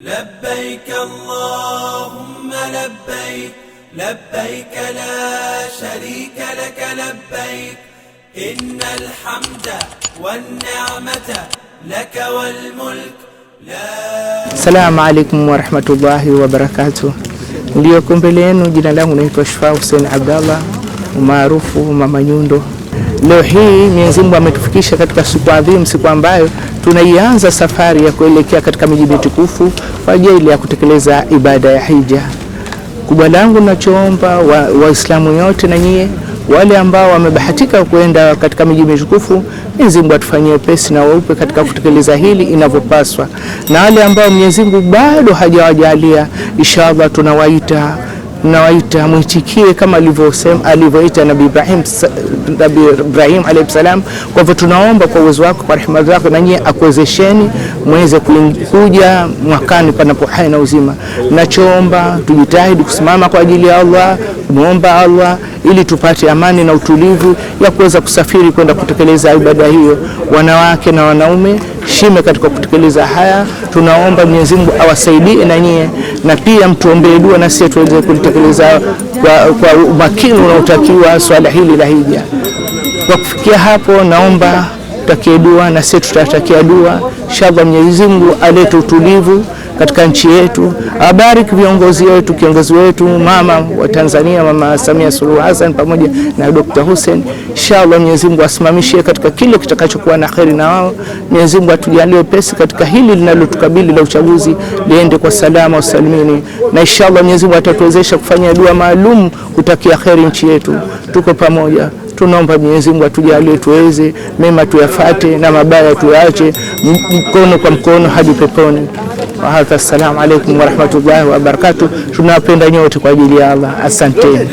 لبيك اللهم لبيك لبيك لا شريك لك لبيك إن الحمد والنعمة لك والملك لا السلام عليكم ورحمة الله وبركاته Ndio kombe lenu, jina langu naitwa Shifaa Hussein Abdallah, umaarufu Mama Nyundo. Leo hii Mwenyezi Mungu ametufikisha katika siku adhimu, siku ambayo tunaianza safari ya kuelekea katika miji mitukufu kwa ajili ya kutekeleza ibada ya hija. Kubwa langu nachoomba Waislamu wa yote na nyie wale ambao wamebahatika kuenda katika miji mitukufu, Mwenyezi Mungu atufanyie wepesi na weupe katika kutekeleza hili inavyopaswa, na wale ambao Mwenyezi Mungu bado hajawajalia, inshallah tunawaita nawaita mwitikie kama alivyoita Nabii Ibrahim Nabi Ibrahim alayhi salam. Kwa hivyo tunaomba kwa uwezo wako, kwa rehema zako, na nyie akuwezesheni mweze kuja mwakani panapo hai na uzima. Nachoomba tujitahidi kusimama kwa ajili ya Allah, kumwomba Allah ili tupate amani na utulivu ya kuweza kusafiri kwenda kutekeleza ibada hiyo, wanawake na wanaume shime katika kutekeleza haya. Tunaomba Mwenyezi Mungu awasaidie na nyie, na pia mtuombee dua, na sisi tuweze kulitekeleza kwa umakini unaotakiwa swala hili la hija. Kwa kufikia hapo, naomba tutakie dua na sisi tutatakia dua, inshallah Mwenyezi Mungu alete utulivu katika nchi yetu, Abariki viongozi wetu, kiongozi wetu mama wa Tanzania, Mama Samia Suluhu Hassan pamoja na Dr. Hussein. Inshallah Mwenyezi Mungu asimamishie katika kile kitakachokuwa na heri na wao. Mwenyezi Mungu atujalie pesi katika hili linalotukabili la uchaguzi, liende kwa salama usalimini, na inshallah Mwenyezi Mungu atatuwezesha kufanya dua maalum kutakia heri nchi yetu. Tuko pamoja. Tunaomba Mwenyezi Mungu atujalie tuweze mema tuyafate na mabaya tuyaache, mkono kwa mkono hadi peponi. Wahadha, assalamu alaikum warahmatullahi wabarakatuh. Tunawapenda nyote kwa ajili ya Allah, asanteni.